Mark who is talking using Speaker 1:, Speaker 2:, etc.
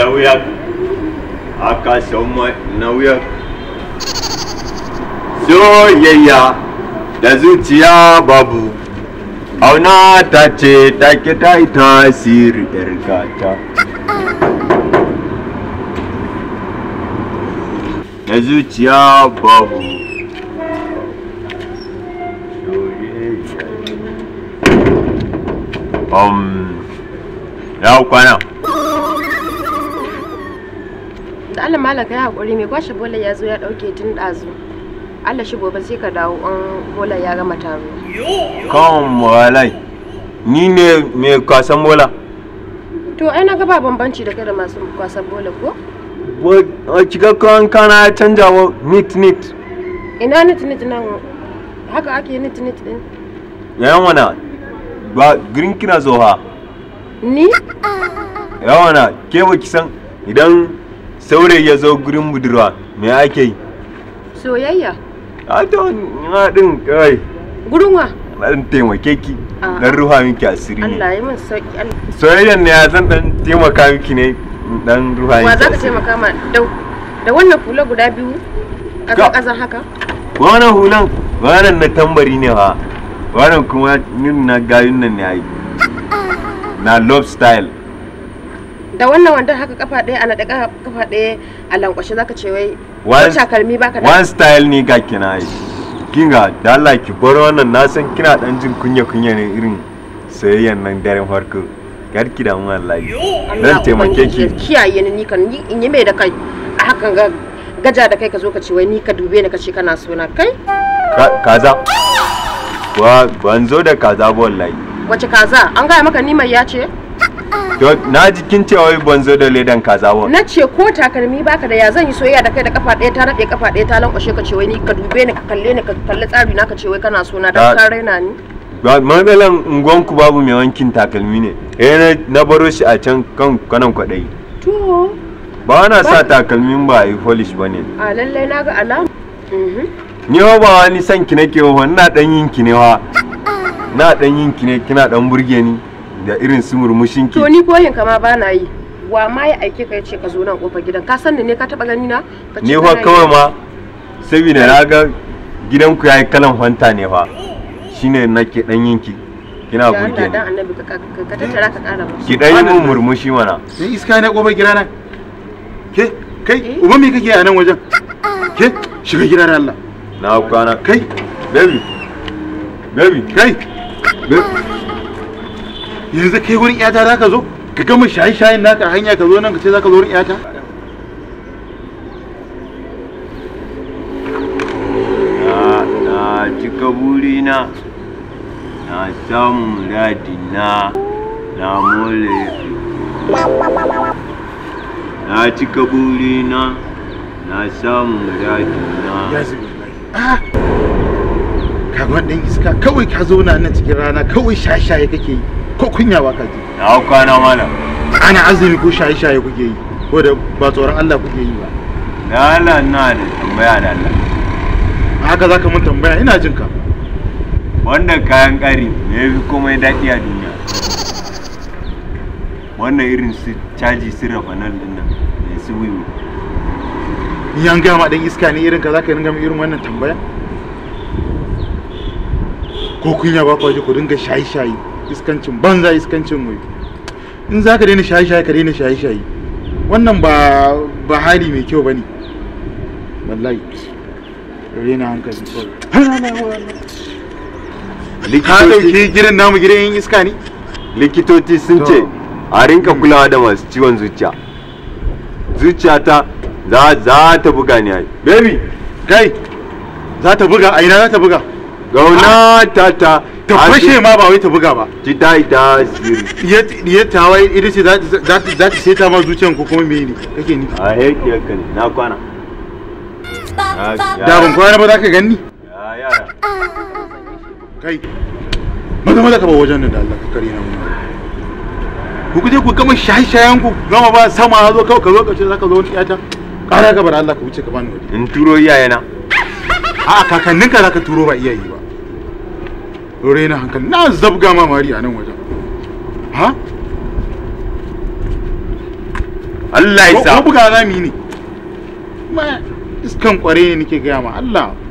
Speaker 1: नव्याक आकाश सौम्य nauyar soyayya da zuciya babu auna ta ce ta take ta yi tasiri yar gata da zuciya babu um, ya kwana
Speaker 2: da Allah mala kai hakuri mai kwashe bola ya zo ya dauke tun dazu Allah shi gobe sai ka dawo an bola ya gama taro
Speaker 1: kan walai ni ne mai kwasan bola
Speaker 2: to ai na ga ba bambanci da kada masu kwasan bola ko
Speaker 1: cikakken kana ya canja wa nit nit
Speaker 2: ina nit nit nan haka ake nit nit din
Speaker 1: yawan wana ba green kina ha ni yawan wana ke ba san idan saure ya zo gurin budurwa me ake yi soyayya a to na din kai gurunwa dan taimake ki dan ruha miki asiri
Speaker 2: ne Allah ya min sauki Allah
Speaker 1: soyayyan ne ya zan dan taimaka miki ne dan ruha miki wa za ka
Speaker 2: taimaka ma da da wannan hula guda biyu a kan kazan haka
Speaker 1: wannan hulan wannan na tambari ne ha wannan kuma nin na gayun nan ne ai na love style
Speaker 2: da wannan wandon haka kafa ɗaya a naɗe kafa ɗaya a lankwashe zaka ce wai ko takalmi baka da one
Speaker 1: style ni ga kina yi kinga da Allah ki bar wannan na san kina dan jin kunya kunya ne irin sayayyan nan daren farko kar ki da damu wallahi
Speaker 2: dan taimake ki kiyaye ni kan in yi mai da kai a hakan ga gaja da kai ka zo ka ce wai ni ka dube ni ka ce kana sona kai
Speaker 1: kaza ban zo da kaza ba wallahi
Speaker 2: wace kaza an gaya maka ni mai ya ce
Speaker 1: na jikin cewa ban zo da ledan kaza ba
Speaker 2: na ce ko takalmi baka da ya zan yi soyayya da kai da kafa ɗaya ta rabe kafa ɗaya ta lankwashe ka ce wai ni ka dube ni ka kalle ni ka kalle tsari na ka ce wai kana so na dan ah. ka raina ni
Speaker 1: ungon unguwanku babu mai wankin takalmi ne eh na baro shi a can kan kanan kwaɗayi to ba na sa takalmin ba a yi polish ba ne
Speaker 2: a lallai na ga alama mhm.
Speaker 1: ni ba wani san ki nake ba na dan yin ki ne wa na dan yin ki ne kina dan burge ni da irin su murmushin ki to
Speaker 2: ni koyin kama ba na yi wa ma ya aike ka yace ka zo nan kofar gidan ka san ne ka taba gani na
Speaker 1: ne fa kawai ma saboda na ga ku yayi kalan fanta ne fa shine nake dan yinki kina burge ni
Speaker 2: dan annabi ka ka tattara ka kara musu
Speaker 1: ki dan yi mun murmushi mana
Speaker 3: sai iska ne kofar nan. ke kai eh? uba me kake a nan wajen ke shiga gidana Allah na kwana kai baby baby kai baby yanzu kai wurin iyata za ka zo ka gama shaye-shayen naka hanya ka zo nan ka ce za ka zo wurin iyata
Speaker 1: na ji kaburi na na samu muradina na mole na ci kaburi na na samu muradina
Speaker 3: ah! kamar ɗan iska kawai ka zauna nan cikin rana kawai shaye-shaye kake yi ko kunya ba ka ji a kwana malam ana azumi ko shaye shaye kuke yi ko da ba tsoron Allah kuke yi ba da Allah na da tambaya da Allah haka zaka mun tambaya ina jin ka
Speaker 1: wannan kayan ƙari ne fi komai daɗi a duniya
Speaker 3: wannan irin su caji sirrafa nan din nan ne su wiwi ni an gama dan iska ne irin ka zaka ringa irin wannan tambaya ko kunya ba ku ku dinga shaye shaye iskancin banza iskancin mai in za ka daina shaye-shaye ka daina shaye-shaye wannan ba ba hali mai kyau ba ne wallahi raina
Speaker 2: hankali
Speaker 3: ka ɗauki gidan namu gidan yin iska ne likitoci sun ce
Speaker 1: a rinka kulawa da masu ciwon zuciya zuciyata za
Speaker 3: ta buga ni ai baby kai za ta buga a ina za ta buga gauna ta ta ta fashe ma ba wai ta buga ba ji ta ita ziri ya ta wai ita ce za ta sai ta ma zuciyan ko kuma mene kake ni a yake ka na kwana da ban kwana ba za ka gani kai maza maza ka ba wajen nan da Allah ka kare na mu ku kuje ku gama shaye-shayen ku gama ba sama zo kawai ka zo ka za ka zo wani iyata ƙara gabar Allah ka wuce ka bani waje in turo iyayena a'a kakanninka za ka turo ba iyaye ba raina hankali na zabga ma mari a nan wajen ha Allah ya sa buga rami ne ma iskan kware ne nake gaya ma Allah